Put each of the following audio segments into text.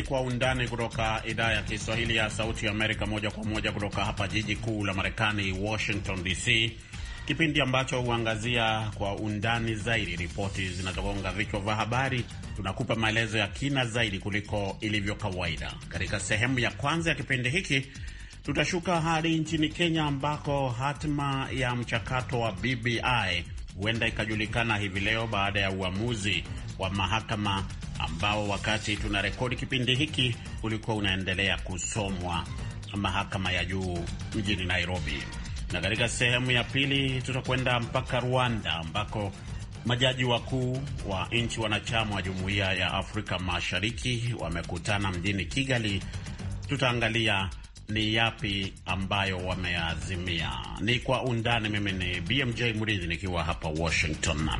ni Kwa Undani kutoka idhaa ya Kiswahili ya Sauti ya Amerika, moja kwa moja kutoka hapa jiji kuu la Marekani, Washington DC, kipindi ambacho huangazia kwa undani zaidi ripoti zinazogonga vichwa vya habari. Tunakupa maelezo ya kina zaidi kuliko ilivyo kawaida. Katika sehemu ya kwanza ya kipindi hiki tutashuka hadi nchini Kenya ambako hatima ya mchakato wa BBI huenda ikajulikana hivi leo baada ya uamuzi wa mahakama ambao wakati tunarekodi kipindi hiki ulikuwa unaendelea kusomwa mahakama ya juu mjini Nairobi. Na katika sehemu ya pili tutakwenda mpaka Rwanda ambako majaji wakuu wa nchi wanachama wa Jumuiya ya Afrika Mashariki wamekutana mjini Kigali. Tutaangalia ni yapi ambayo wameazimia. Ni kwa undani. Mimi ni BMJ Murithi nikiwa hapa Washington.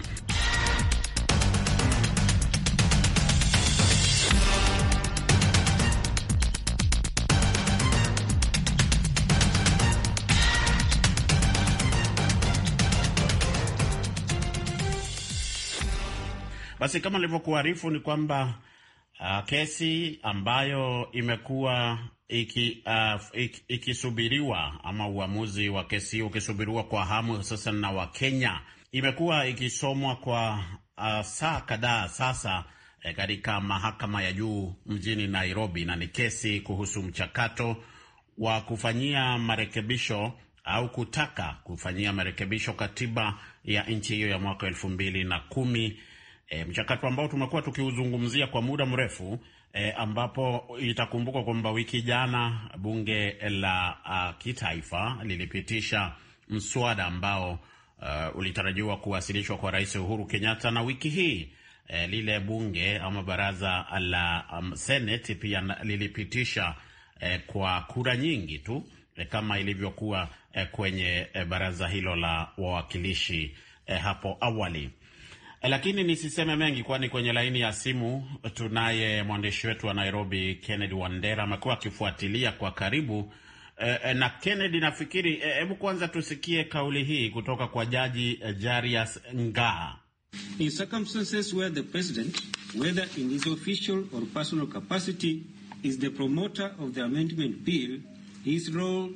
Basi kama nilivyokuarifu ni kwamba uh, kesi ambayo imekuwa iki, uh, iki, ikisubiriwa ama uamuzi wa kesi ukisubiriwa kwa hamu sasa na Wakenya imekuwa ikisomwa kwa uh, saa kadhaa sasa eh, katika mahakama ya juu mjini Nairobi, na ni kesi kuhusu mchakato wa kufanyia marekebisho au kutaka kufanyia marekebisho katiba ya nchi hiyo ya mwaka elfu mbili na kumi e, mchakato ambao tumekuwa tukiuzungumzia kwa muda mrefu e, ambapo itakumbukwa kwamba wiki jana bunge la uh, kitaifa lilipitisha mswada ambao uh, ulitarajiwa kuwasilishwa kwa Rais Uhuru Kenyatta na wiki hii e, lile bunge ama baraza la um, Senate pia lilipitisha e, kwa kura nyingi tu e, kama ilivyokuwa e, kwenye e, baraza hilo la wawakilishi e, hapo awali. Eh, lakini nisiseme mengi, kwani kwenye laini ya simu eh, tunaye mwandishi wetu wa Nairobi, Kennedy Wandera, amekuwa akifuatilia kwa karibu e, na Kennedy, nafikiri hebu e, kwanza tusikie kauli hii kutoka kwa Jaji Jarius Ngaa. In circumstances where the president whether in his official or personal capacity is the promoter of the amendment bill his role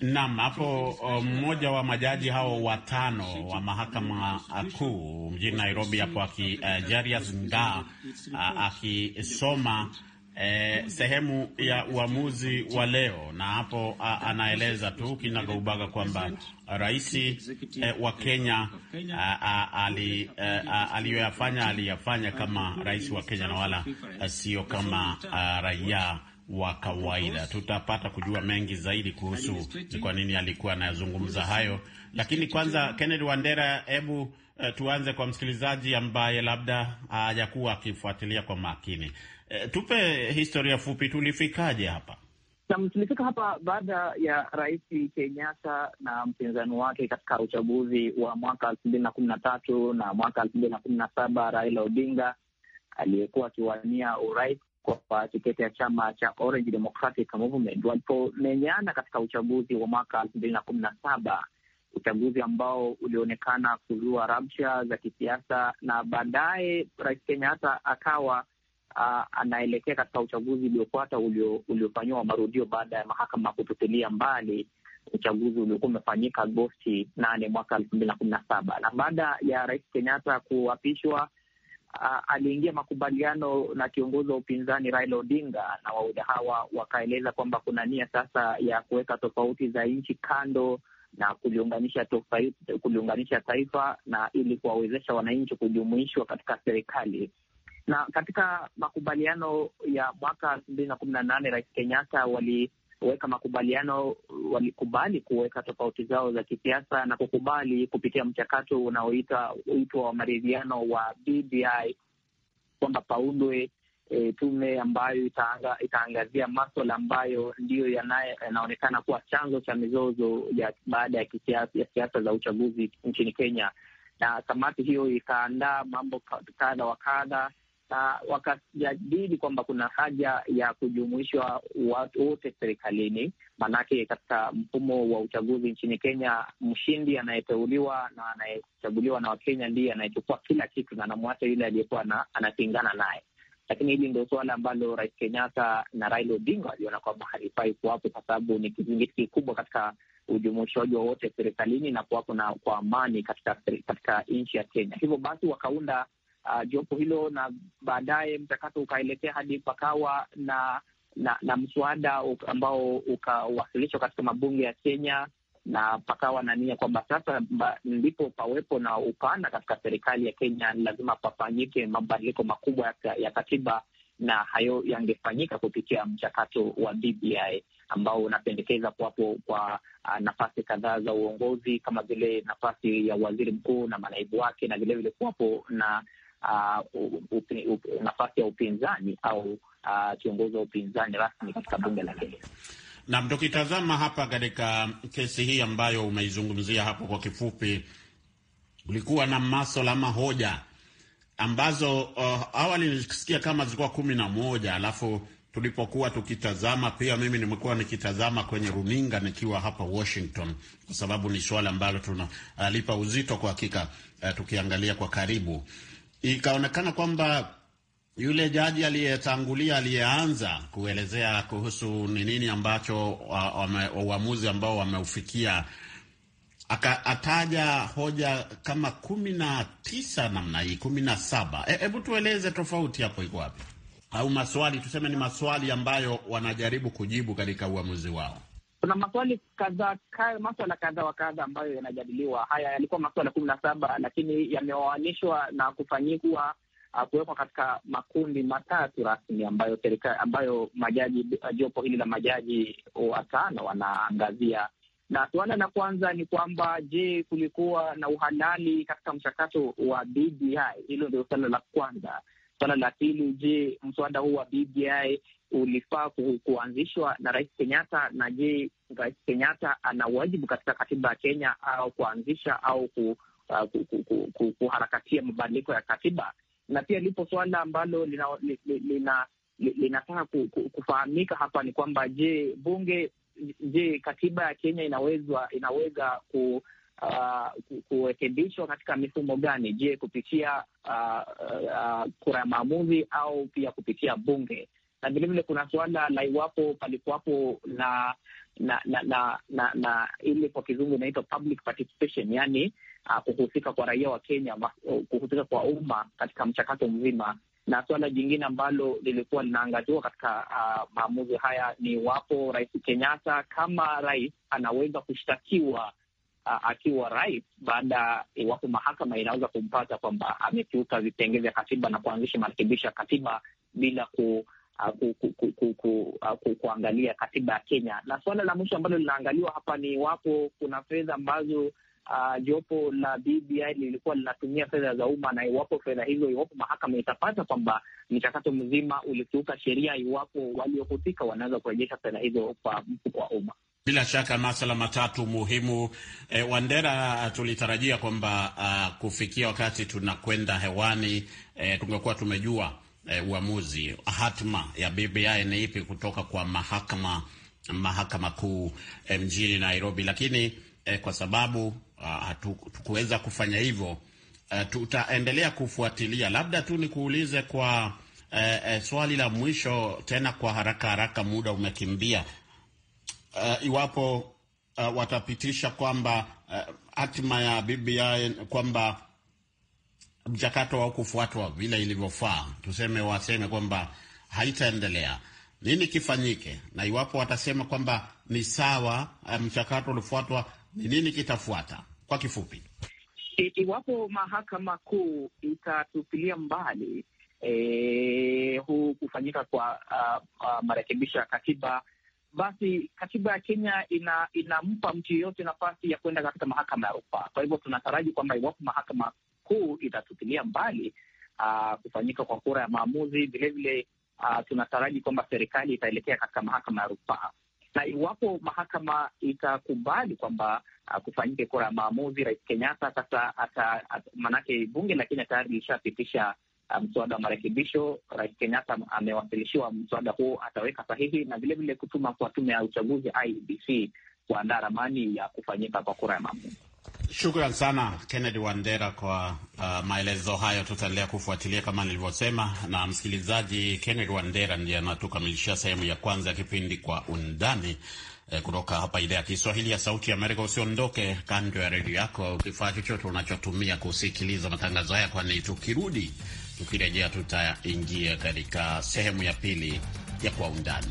Naam, hapo uh, mmoja wa majaji hao watano wa mahakama kuu mjini Nairobi hapo aki uh, Jarius Nga uh, akisoma uh, sehemu ya uamuzi wa leo na hapo uh, anaeleza tu kinagaubaga kwamba rais uh, wa Kenya uh, uh, aliyoyafanya aliyafanya kama rais wa Kenya na wala sio kama uh, raia wa kawaida. Tutapata kujua mengi zaidi kuhusu ni kwa nini alikuwa anayazungumza hayo, lakini kwanza, Kennedy Wandera, hebu uh, tuanze kwa msikilizaji ambaye labda hajakuwa uh, akifuatilia kwa makini uh, tupe historia fupi, tulifikaje hapa? Nam, tulifika hapa baada ya Rais Kenyatta na mpinzani wake katika uchaguzi wa mwaka elfu mbili na kumi na tatu na mwaka elfu mbili na kumi na saba Raila Odinga aliyekuwa akiwania urais kwa tiketi ya chama cha Orange Democratic Movement walipomenyana katika uchaguzi wa mwaka elfu mbili na kumi na saba, uchaguzi ambao ulionekana kuzua rabsha za kisiasa, na baadaye Rais Kenyatta akawa uh, anaelekea katika uchaguzi uliofuata uliofanyiwa marudio baada ya mahakama kutupilia mbali uchaguzi uliokuwa umefanyika Agosti nane mwaka elfu mbili na kumi na saba. Na baada ya Rais Kenyatta kuapishwa aliingia makubaliano na kiongozi wa upinzani Raila Odinga, na wawili hawa wakaeleza kwamba kuna nia sasa ya kuweka tofauti za nchi kando na kuliunganisha tofauti, kuliunganisha taifa na ili kuwawezesha wananchi kujumuishwa katika serikali. Na katika makubaliano ya mwaka elfu mbili na kumi na nane Rais Kenyatta wali weka makubaliano walikubali kuweka tofauti zao za kisiasa na kukubali kupitia mchakato unaoitwa wa maridhiano wa BBI kwamba paundwe e, tume ambayo itaanga, itaangazia maswala ambayo ndiyo yanaonekana kuwa chanzo cha mizozo ya baada ya siasa za uchaguzi nchini Kenya, na kamati hiyo ikaandaa mambo kadha wa kadha na wakajadili kwamba kuna haja ya kujumuishwa watu wote serikalini, maanake katika mfumo wa uchaguzi nchini Kenya, mshindi anayeteuliwa na anayechaguliwa na Wakenya ndiye anayechukua kila kitu na anamwacha yule aliyekuwa anapingana naye. Lakini hili ndio suala ambalo Rais Kenyatta na Raila Odinga waliona kwamba halifai kuwapo kwa sababu ni kizingiti kikubwa katika ujumuishaji wowote serikalini na kuwapo na kwa amani katika, katika nchi ya Kenya. Hivyo basi wakaunda uh, jopo hilo na baadaye mchakato ukaelekea hadi pakawa na na, na mswada ambao ukawasilishwa katika mabunge ya Kenya na pakawa na nia kwamba sasa ndipo pawepo na upana katika serikali ya Kenya, lazima pafanyike mabadiliko makubwa ya katiba, na hayo yangefanyika kupitia mchakato wa BBI ambao unapendekeza kuwapo kwa ah, nafasi kadhaa za uongozi kama vile nafasi ya waziri mkuu na manaibu wake, na vilevile kuwapo na uh, upi, nafasi ya upinzani au uh, kiongozi wa upinzani rasmi katika bunge la Kenya. Nam, tukitazama hapa katika kesi hii ambayo umeizungumzia hapo kwa kifupi, kulikuwa na maswala ama hoja ambazo uh, awali nilisikia kama zilikuwa kumi na moja alafu tulipokuwa tukitazama pia mimi nimekuwa nikitazama kwenye runinga nikiwa hapa Washington, kwa sababu ni suala ambalo tunalipa uh, uzito kwa hakika, uh, tukiangalia kwa karibu ikaonekana kwamba yule jaji aliyetangulia aliyeanza kuelezea kuhusu ni nini ambacho uamuzi ambao wameufikia akataja hoja kama kumi na tisa namna hii kumi na saba. E, hebu tueleze tofauti hapo iko wapi, au maswali tuseme, ni maswali ambayo wanajaribu kujibu katika uamuzi wao. Kuna maswali kadhaa maswala kadha wa kadha ambayo yanajadiliwa. Haya yalikuwa maswala kumi na saba lakini yameoanishwa na kufanyikwa uh, kuwekwa katika makundi matatu rasmi ambayo serikali ambayo majaji uh, jopo hili la majaji watano wanaangazia. Na suala la kwanza ni kwamba je, kulikuwa na uhalali katika mchakato wa BBI? Hilo ndio suala la kwanza. Swala la pili, je, mswada huu wa BBI ulifaa kuanzishwa na Rais Kenyatta? Na je, Rais Kenyatta ana wajibu katika katiba ya Kenya au kuanzisha au ku, uh, ku, ku, ku, ku, kuharakatia mabadiliko ya katiba? Na pia lipo swala ambalo linataka lina, lina, kufahamika hapa ni kwamba je, bunge je, katiba ya Kenya inaweza inaweza ku uh, kurekebishwa katika mifumo gani? Je, kupitia uh, uh, kura ya maamuzi au pia kupitia bunge? Na vilevile kuna suala la iwapo palikuwapo na na na na, na, na ile kwa kizungu inaitwa public participation, yani uh, kuhusika kwa raia wa Kenya, uh, kuhusika kwa umma katika mchakato mzima na suala jingine ambalo lilikuwa linaangaziwa katika uh, maamuzi haya ni iwapo Rais Kenyatta kama rais anaweza kushtakiwa akiwa rais, baada iwapo mahakama inaweza kumpata kwamba amekiuka vipengele vya katiba na kuanzisha marekebisho ya katiba bila ku Ku, ku, ku, ku, ku, ku, kuangalia katiba ya Kenya. Na suala la mwisho ambalo linaangaliwa hapa ni iwapo kuna fedha ambazo uh, jopo la BBI lilikuwa linatumia fedha za umma, na iwapo fedha hizo, iwapo mahakama itapata kwamba mchakato mzima ulikiuka sheria, iwapo waliohusika wanaweza kurejesha fedha hizo kwa mfuko wa umma. Bila shaka masala matatu muhimu e, Wandera, tulitarajia kwamba uh, kufikia wakati tunakwenda hewani e, tungekuwa tumejua e, uamuzi hatma ya BBI ni ipi kutoka kwa mahakama mahakama kuu e, mjini Nairobi, lakini e, kwa sababu ah, hatukuweza kufanya hivyo uh, tutaendelea kufuatilia. Labda tu nikuulize kwa e, e, swali la mwisho tena kwa haraka haraka, muda umekimbia uh, iwapo uh, watapitisha kwamba uh, hatima ya BBI kwamba mchakato kufuatwa vile ilivyofaa, tuseme waseme kwamba haitaendelea, nini kifanyike? Na iwapo watasema kwamba ni sawa, mchakato ulifuatwa, ni nini kitafuata? Kwa kifupi, iwapo mahakama kuu itatupilia mbali e, huu kufanyika kwa uh, uh, marekebisho ya katiba basi katiba ya Kenya ina inampa mtu yeyote nafasi ya kwenda katika mahakama ya rufaa. Kwa hivyo tunataraji kwamba iwapo mahakama kuu itatutilia mbali uh, kufanyika kwa kura ya maamuzi, vilevile uh, ah, tunataraji kwamba serikali itaelekea katika mahakama ya rufaa, na iwapo mahakama itakubali kwamba uh, kufanyike kura ya maamuzi, Rais Kenyatta sasa ata, ata, bunge la Kenya tayari lishapitisha Uh, mswada wa marekebisho. Rais Kenyatta amewasilishiwa mswada huo, ataweka sahihi na vilevile kutuma kwa tume ya uchaguzi IBC e kuandaa ramani ya kufanyika kwa kura ya maamuzi. Shukran sana Kennedy Wandera kwa uh, maelezo hayo. Tutaendelea kufuatilia kama nilivyosema. Na msikilizaji, Kennedy Wandera ndiye anatukamilishia sehemu ya kwanza ya kipindi Kwa Undani eh, kutoka hapa idhaa ya Kiswahili ya Sauti ya Amerika. Usiondoke kando ya redio yako au kifaa chochote unachotumia kusikiliza matangazo haya, kwani tukirudi Tukirejea tutaingia katika sehemu ya pili ya Kwa Undani.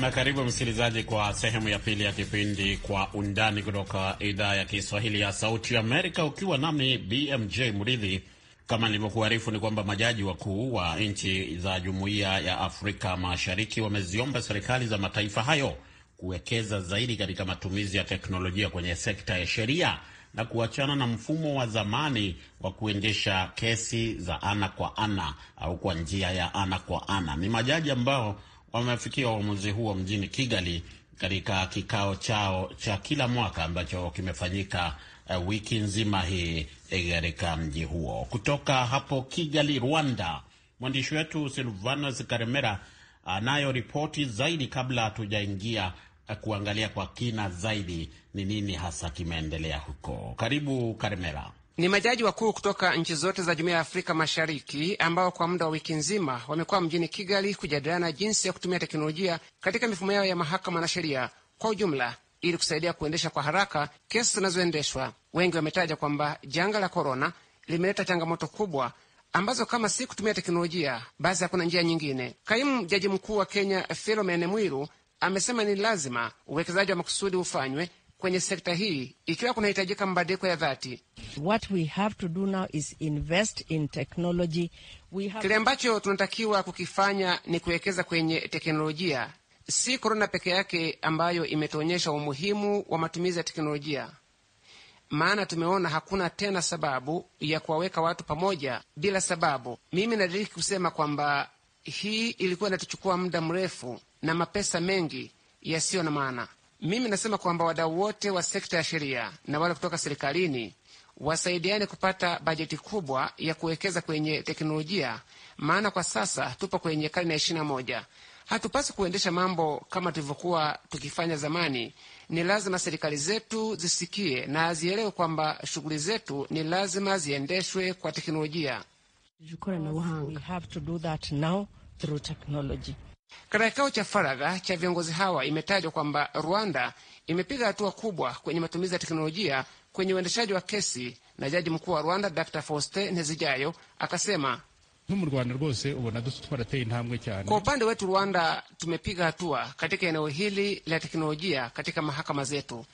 Nam, karibu msikilizaji kwa sehemu ya pili ya kipindi Kwa Undani kutoka idhaa ya Kiswahili ya Sauti Amerika, ukiwa nami BMJ Mridhi. Kama nilivyokuarifu ni kwamba majaji wakuu wa nchi za Jumuiya ya Afrika Mashariki wameziomba serikali za mataifa hayo kuwekeza zaidi katika matumizi ya teknolojia kwenye sekta ya sheria na kuachana na mfumo wa zamani wa kuendesha kesi za ana kwa ana au kwa njia ya ana kwa ana. Ni majaji ambao wamefikia uamuzi huo mjini Kigali katika kikao chao cha kila mwaka ambacho kimefanyika uh, wiki nzima hii eh, katika mji huo. Kutoka hapo Kigali, Rwanda, mwandishi wetu Silvanos Karemera anayo ripoti zaidi, kabla hatujaingia eh, kuangalia kwa kina zaidi ni nini hasa kimeendelea huko. Karibu Karemera. Ni majaji wakuu kutoka nchi zote za jumuiya ya Afrika Mashariki ambao kwa muda wa wiki nzima wamekuwa mjini Kigali kujadiliana jinsi ya kutumia teknolojia katika mifumo yao ya mahakama na sheria kwa ujumla ili kusaidia kuendesha kwa haraka kesi zinazoendeshwa. Wengi wametaja kwamba janga la korona limeleta changamoto kubwa ambazo kama si kutumia teknolojia basi hakuna njia nyingine. Kaimu jaji mkuu wa Kenya Philomene Mwilu amesema ni lazima uwekezaji wa makusudi ufanywe kwenye sekta hii ikiwa kunahitajika mabadiliko ya dhati. Kile ambacho tunatakiwa kukifanya ni kuwekeza kwenye teknolojia. Si korona peke yake ambayo imetuonyesha umuhimu wa matumizi ya teknolojia, maana tumeona hakuna tena sababu ya kuwaweka watu pamoja bila sababu. Mimi nadiriki kusema kwamba hii ilikuwa inatuchukua muda mrefu na mapesa mengi yasiyo na maana. Mimi nasema kwamba wadau wote wa sekta ya sheria na wale kutoka serikalini wasaidiane kupata bajeti kubwa ya kuwekeza kwenye teknolojia, maana kwa sasa tupo kwenye karne ya ishirini na moja. Hatupasi kuendesha mambo kama tulivyokuwa tukifanya zamani. Ni lazima serikali zetu zisikie na zielewe kwamba shughuli zetu ni lazima ziendeshwe kwa teknolojia. Katika kikao cha faragha cha viongozi hawa imetajwa kwamba Rwanda imepiga hatua kubwa kwenye matumizi ya teknolojia kwenye uendeshaji wa kesi, na jaji mkuu wa Rwanda Dr Faustin Ntezijayo akasema kwa upande wetu Rwanda tumepiga hatua katika eneo hili la teknolojia katika mahakama zetu,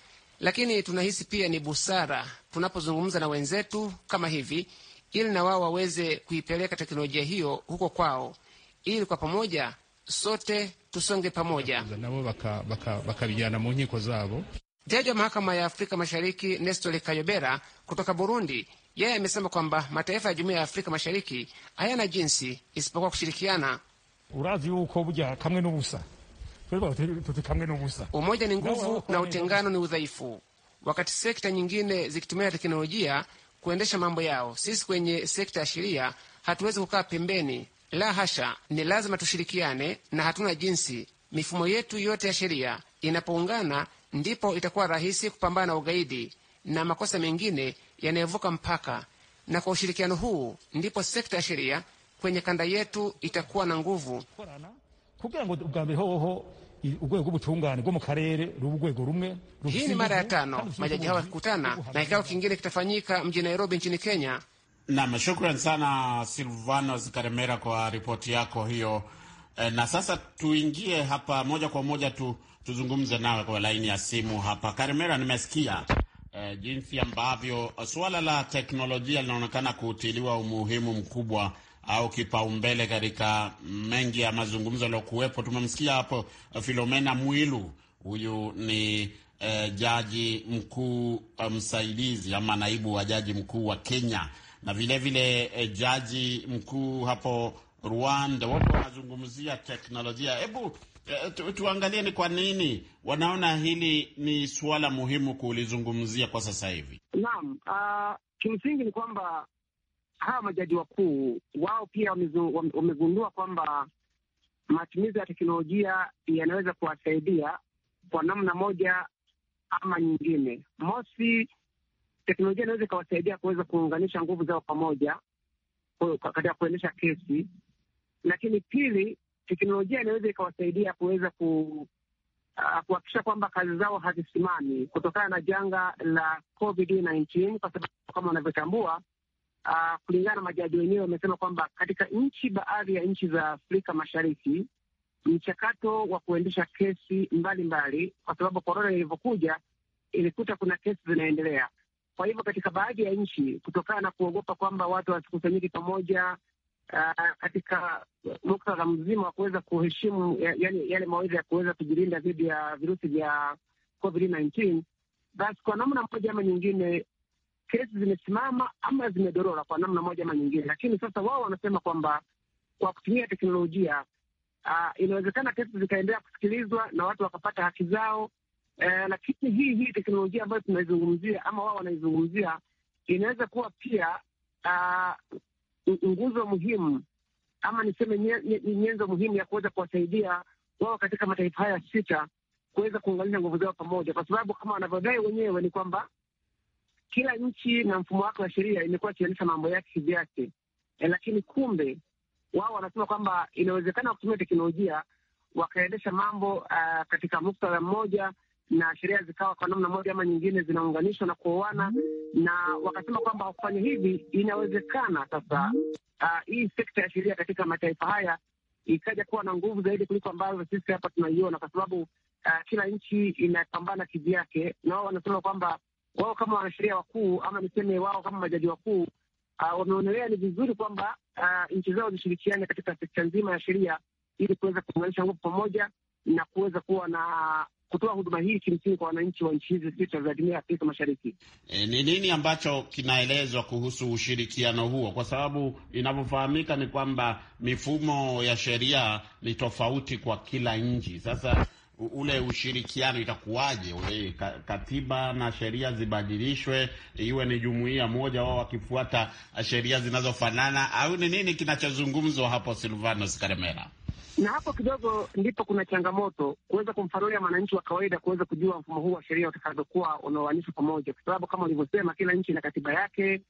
lakini tunahisi pia ni busara tunapozungumza na wenzetu kama hivi, ili na wao waweze kuipeleka teknolojia hiyo huko kwao, ili kwa pamoja sote tusonge pamoja. Jaji wa mahakama ya Afrika Mashariki Nestor Kayobera kutoka Burundi, yeye amesema kwamba mataifa ya jumuiya ya Afrika Mashariki hayana jinsi isipokuwa kushirikiana. Umoja ni nguvu na utengano ni udhaifu. Wakati sekta nyingine zikitumia teknolojia kuendesha mambo yao, sisi kwenye sekta ya sheria hatuwezi kukaa pembeni la hasha, ni lazima tushirikiane, na hatuna jinsi. Mifumo yetu yote ya sheria inapoungana, ndipo itakuwa rahisi kupambana na ugaidi na makosa mengine yanayovuka mpaka, na kwa ushirikiano huu ndipo sekta ya sheria kwenye kanda yetu itakuwa na nguvu. Hii ni mara ya tano majaji hawa wakikutana, na kikao kingine kitafanyika mjini Nairobi nchini Kenya Nam, shukran sana Silvanos Karemera kwa ripoti yako hiyo. E, na sasa tuingie hapa moja kwa moja tu, tuzungumze nawe kwa laini ya simu hapa. Karemera, nimesikia e, jinsi ambavyo suala la teknolojia linaonekana kutiliwa umuhimu mkubwa au kipaumbele katika mengi ya mazungumzo yaliyokuwepo. Tumemsikia hapo eh, Filomena Mwilu, huyu ni e, jaji mkuu msaidizi ama naibu wa jaji mkuu wa Kenya na vilevile vile, e, jaji mkuu hapo Rwanda, wote wanazungumzia teknolojia. Hebu e, tu, tuangalie ni kwa nini wanaona hili ni suala muhimu kulizungumzia kwa sasa hivi. Naam, uh, kimsingi ni kwamba hawa majaji wakuu wao pia wamegundua kwamba matumizi ya teknolojia yanaweza kuwasaidia kwa namna moja ama nyingine. Mosi, teknolojia inaweza ikawasaidia kuweza kuunganisha nguvu zao pamoja katika kuendesha kesi, lakini pili, teknolojia inaweza ikawasaidia kuweza ku ah, kuhakikisha kwamba kazi zao hazisimami kutokana na janga la COVID-19 kwa sababu kama wanavyotambua, uh, ah, kulingana na majaji wenyewe wamesema kwamba katika nchi baadhi ya nchi za Afrika Mashariki mchakato wa kuendesha kesi mbalimbali mbali, kwa sababu korona ilivyokuja ilikuta kuna kesi zinaendelea kwa hivyo katika baadhi ya nchi, kutokana na kuogopa kwamba watu wasikusanyiki pamoja uh, katika muktadha mzima wa kuweza kuheshimu yale ya mawaidha ya kuweza kujilinda dhidi ya virusi vya COVID-19, basi kwa namna moja ama nyingine kesi zimesimama ama zimedorora kwa namna moja ama nyingine. Lakini sasa wao wanasema kwamba kwa kutumia teknolojia uh, inawezekana kesi zikaendelea kusikilizwa na watu wakapata haki zao Eh, lakini hii hii teknolojia ambayo tunaizungumzia ama wao wanaizungumzia inaweza kuwa pia ah, nguzo muhimu ama niseme nyenzo muhimu ya kuweza kuwasaidia wao katika mataifa haya sita kuweza kuunganisha nguvu zao pamoja, kwa sababu kama wanavyodai wenyewe ni kwamba kila nchi na mfumo wake wa sheria imekuwa ikiendesha mambo yake kivyake. E, lakini kumbe wao wanasema kwamba inawezekana kutumia teknolojia wakaendesha mambo uh, katika muktadha mmoja na sheria zikawa kwa namna moja ama nyingine zinaunganishwa na kuoana, na wakasema kwamba wakufanya hivi inawezekana sasa, uh, hii sekta ya sheria katika mataifa haya ikaja kuwa na nguvu zaidi kuliko ambavyo sisi hapa tunaiona, kwa sababu uh, kila nchi inapambana kivyake, na wao wanasema kwamba wao kama wanasheria wakuu ama niseme wao kama majaji wakuu uh, wameonelea ni vizuri kwamba uh, nchi zao zishirikiane katika sekta nzima ya sheria ili kuweza kuunganisha nguvu pamoja na kuweza kuwa na kutoa huduma hii kimsingi kwa wananchi wa nchi hizi sita za jumuiya ya Afrika Mashariki. E, ni nini ambacho kinaelezwa kuhusu ushirikiano huo? Kwa sababu inavyofahamika ni kwamba mifumo ya sheria ni tofauti kwa kila nchi. Sasa ule ushirikiano itakuwaje? Ule katiba na sheria zibadilishwe, iwe ni jumuiya moja, wao wakifuata sheria zinazofanana, au ni nini kinachozungumzwa hapo, Silvanos Karemera? na hapo kidogo ndipo kuna changamoto kuweza kumfarulia mwananchi wa kawaida kuweza kujua mfumo huu wa sheria utakavyokuwa unaoanishwa pamoja, kwa sababu kama ulivyosema, kila nchi ina katiba yake,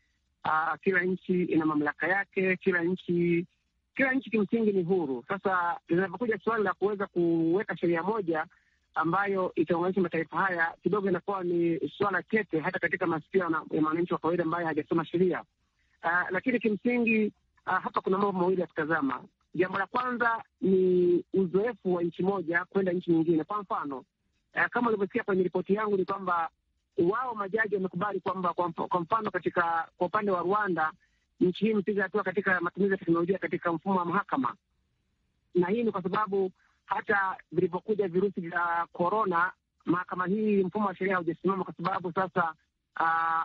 aa, ah, kila nchi ina mamlaka yake, kila nchi kila nchi kimsingi ni huru. Sasa linapokuja suala la kuweza kuweka sheria moja ambayo itaunganisha mataifa haya, kidogo inakuwa ni swala tete, hata katika masikio ya mwananchi wa kawaida ambaye hajasoma sheria, ah, lakini kimsingi Uh, hapa kuna mambo mawili ya kutazama. Jambo la kwanza ni uzoefu wa nchi moja kwenda nchi nyingine. Kwa mfano uh, kama ulivyosikia kwenye ripoti yangu ni kwamba wao majaji wamekubali kwamba kwa mfano katika kwa upande wa Rwanda nchi hii imepiga hatua katika matumizi ya teknolojia katika mfumo wa mahakama, na hii ni kwa sababu hata vilivyokuja virusi vya korona, mahakama hii, mfumo wa sheria haujasimama, kwa sababu sasa uh,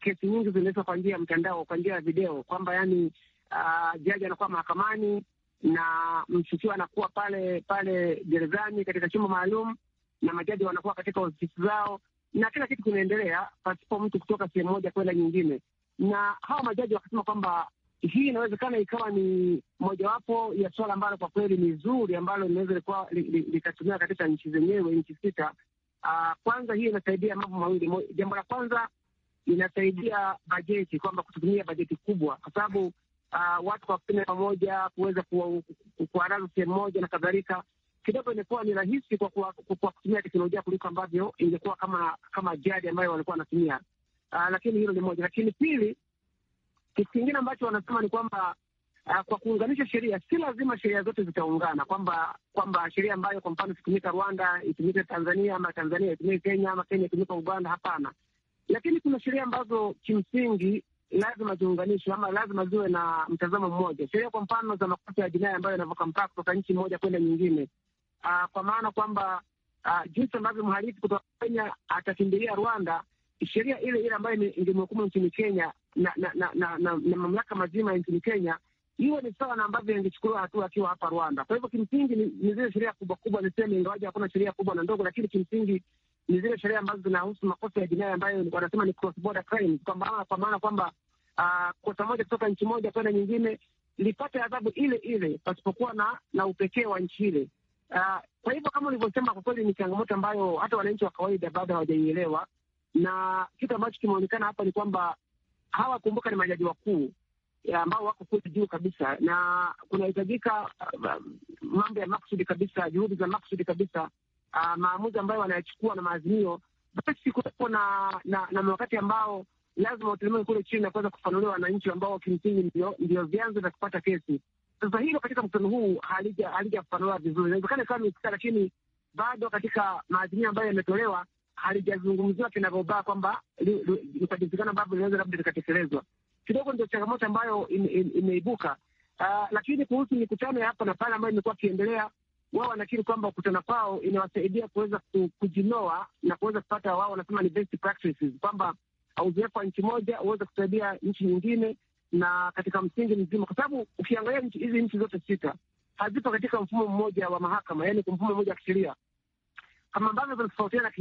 kesi nyingi zinaweza kwa njia ya mtandao, kwa njia ya video, kwamba yani Ah, jaji anakuwa mahakamani na mshukiwa anakuwa pale pale gerezani katika chumba maalum, na majaji wanakuwa katika ofisi zao, na kila kitu kinaendelea pasipo mtu kutoka sehemu moja kwenda nyingine. Na hawa majaji wakasema kwamba hii inawezekana ikawa ni mojawapo ya suala ambalo kwa kweli ni zuri ambalo linaweza likuwa li, katika nchi zenyewe, nchi sita. Uh, kwanza hii inasaidia mambo mawili. Jambo la kwanza inasaidia bajeti, kwamba kutumia bajeti kubwa, kwa sababu uh, watu wakusanya pamoja kuweza kuwaraza sehemu moja na kadhalika, kidogo imekuwa ni rahisi kwa, kwa, kwa, kwa kutumia teknolojia kuliko ambavyo ingekuwa kama kama jadi ambayo walikuwa wanatumia. Uh, lakini hilo ni moja, lakini pili, kitu kingine ambacho wanasema ni kwamba Uh, kwa kuunganisha sheria si lazima sheria zote zitaungana, kwamba kwamba sheria ambayo kwa mfano ikitumika Rwanda itumike Tanzania ama Tanzania itumike Kenya ama Kenya itumika Uganda. Hapana, lakini kuna sheria ambazo kimsingi lazima ziunganishwe ama lazima ziwe na mtazamo mmoja. Sheria kwa mfano za makosa ya jinai ambayo yanavuka mpaka kutoka nchi moja kwenda nyingine, uh, kwa maana kwamba uh, jinsi ambavyo mhalifu kutoka Kenya atakimbilia Rwanda, sheria ile ile ambayo ingemhukumu nchini Kenya na, na, na, na, na, na na mamlaka mazima ya nchini Kenya hiyo ni sawa na ambavyo ingechukuliwa hatua akiwa hapa Rwanda. Kwa hivyo kimsingi ni zile sheria kubwa kubwa niseme, ingawaje hakuna sheria kubwa na ndogo, lakini kimsingi ni zile sheria ambazo zinahusu makosa ya jinai ambayo wanasema ni cross border crimes, kwa maana kwamba uh, kosa moja kutoka nchi moja kwenda nyingine lipate adhabu ile ile pasipokuwa na, na upekee wa nchi ile. Uh, kwa hivyo kama ulivyosema, kwa kweli ni changamoto ambayo hata wananchi wa kawaida bado hawajaielewa, na kitu ambacho kimeonekana hapa ni kwamba hawa, kumbuka, ni majaji wakuu eh, ambao wako kule juu kabisa, na kunahitajika uh, mambo ya maksudi kabisa, juhudi za maksudi kabisa uh, maamuzi ambayo wanayachukua na maazimio, basi kuwepo na, na, na na wakati ambao lazima utelemee kule chini na kuweza kufanuliwa wananchi ambao kimsingi ndio vyanzo vya kupata kesi. Sasa hilo katika mkutano huu halijafanuliwa vizuri, inawezekana ikawa imefika, lakini bado katika maazimio ambayo yametolewa halijazungumziwa kinavyobaa kwamba likajizikana ambavyo linaweza labda likatekelezwa. Kidogo ndio changamoto ambayo imeibuka, uh, lakini kuhusu mikutano ya hapa na pale ambayo imekuwa ikiendelea wao wanakiri kwamba kukutana kwao inawasaidia kuweza kujinoa na kuweza kupata, wao wanasema ni best practices, kwamba uzoefu wa nchi moja uweze kusaidia nchi nyingine, na katika msingi mzima, kwa sababu ukiangalia hizi nchi zote sita hazipo katika mfumo mmoja wa mahakama, yaani mfumo mmoja wa kisheria, kama ambavyo vinatofautiana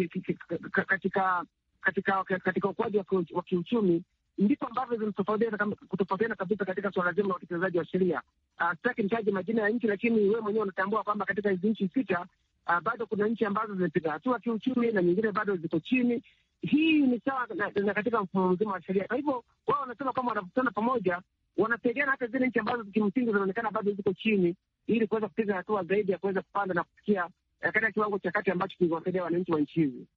katika katika katika ukuaji wa kiuchumi ndipo ambavyo zinatofautiana kabisa katika suala zima la utekelezaji wa sheria. Ah, sitaki nitaje majina ya nchi, lakini wewe mwenyewe unatambua kwamba katika hizi nchi sita Uh, bado kuna nchi ambazo zimepiga hatua kiuchumi na nyingine bado ziko chini. Hii ni sawa na, na katika mfumo mzima wa sheria. Kwa hivyo wao wanasema kama wanakutana pamoja, wanasaidiana hata zile nchi ambazo kimsingi zinaonekana bado ziko chini, ili kuweza kupiga hatua zaidi ya kuweza kupanda na kufikia eh, katika kiwango cha kati ambacho kiliwasaidia wananchi wa nchi hizi.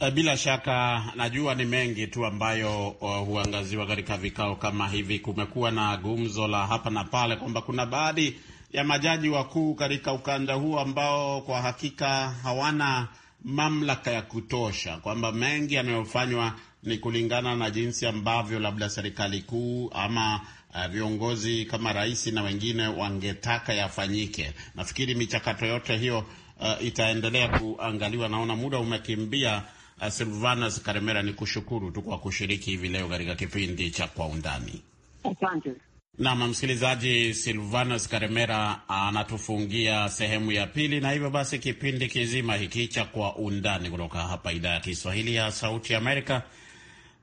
Eh, bila shaka najua ni mengi tu ambayo eh, huangaziwa katika vikao kama hivi. Kumekuwa na gumzo la hapa na pale kwamba kuna baadhi ya majaji wakuu katika ukanda huu ambao kwa hakika hawana mamlaka ya kutosha, kwamba mengi yanayofanywa ni kulingana na jinsi ambavyo labda serikali kuu ama uh, viongozi kama rais na wengine wangetaka yafanyike. Nafikiri michakato yote hiyo uh, itaendelea kuangaliwa. Naona muda umekimbia. Eh, silvanus Karemera, ni kushukuru tu kwa kushiriki hivi leo katika kipindi cha Kwa Undani. Asante. Nam msikilizaji, Silvanus Karemera anatufungia sehemu ya pili, na hivyo basi kipindi kizima hiki cha Kwa Undani kutoka hapa idhaa ya Kiswahili ya Sauti Amerika.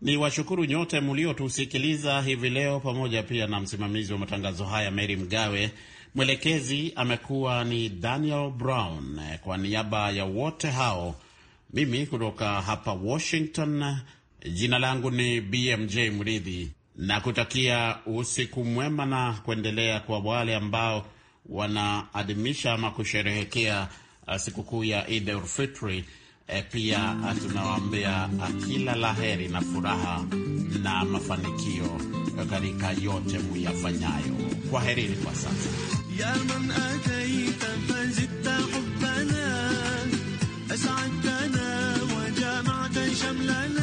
Ni washukuru nyote mliotusikiliza hivi leo, pamoja pia na msimamizi wa matangazo haya Mary Mgawe, mwelekezi amekuwa ni Daniel Brown. Eh, kwa niaba ya wote hao mimi kutoka hapa Washington, jina langu ni BMJ Mridhi, na kutakia usiku mwema na kuendelea kwa wale ambao wanaadhimisha ama kusherehekea uh, sikukuu ya Eid al-Fitri. E, eh, pia uh, tunawaambia uh, kila laheri na furaha na mafanikio katika yote muyafanyayo. herini kwa sasa. la la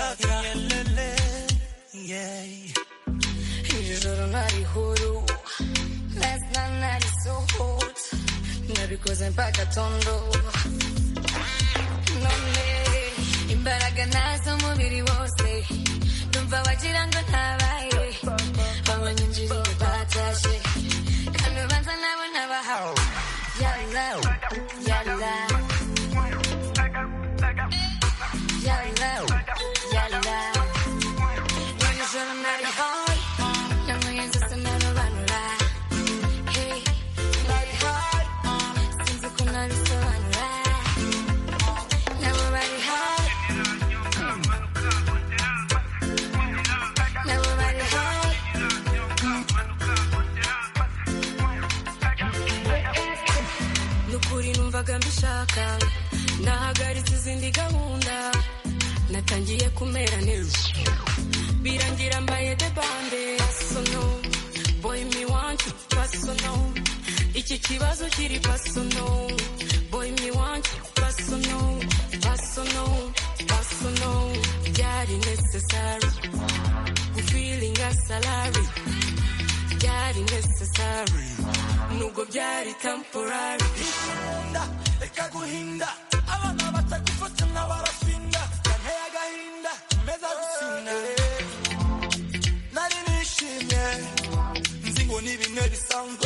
Yeah, Yalla Yalla nshaka nahagaritse izindi gahunda natangiye kumera neza birangira mbaye debande sono boy me want personal iki kibazo kiri personal boy mi want personal personal personal byari necessary feeling a salary byari necessary nubwo byari temporary ikunda reka guhinda abana batagufata nka barafinda yanteye agahinda meza gusinda nari nishimye nzi ngo ni bimwe bisanzwe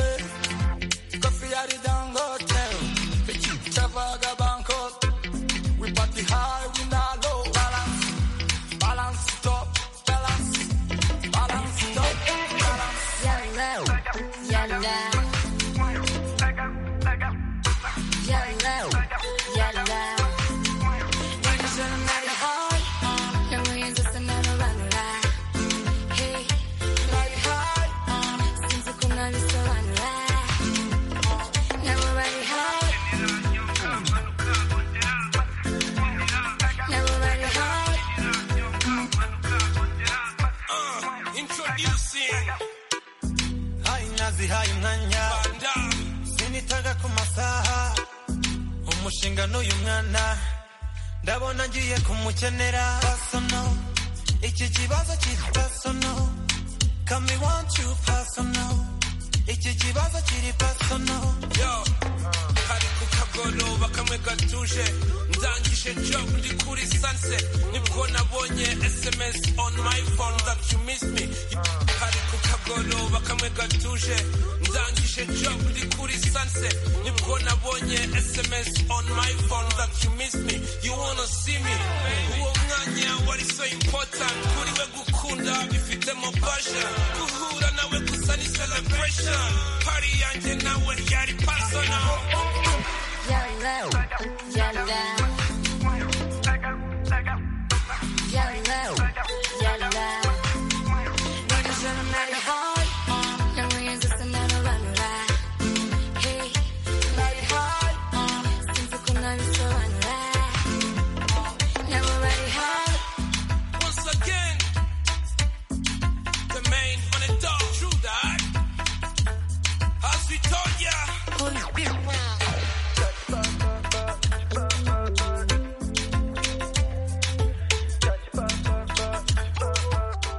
ndangije job ndi kuri sunset nibwo nabonye sms on my phone that you miss me you wanna see me uwo mwanya wari so important kuri we gukunda bifitemo passion guhura nawe gusa ni celebration party yanjye nawe yari personal Yellow, yellow.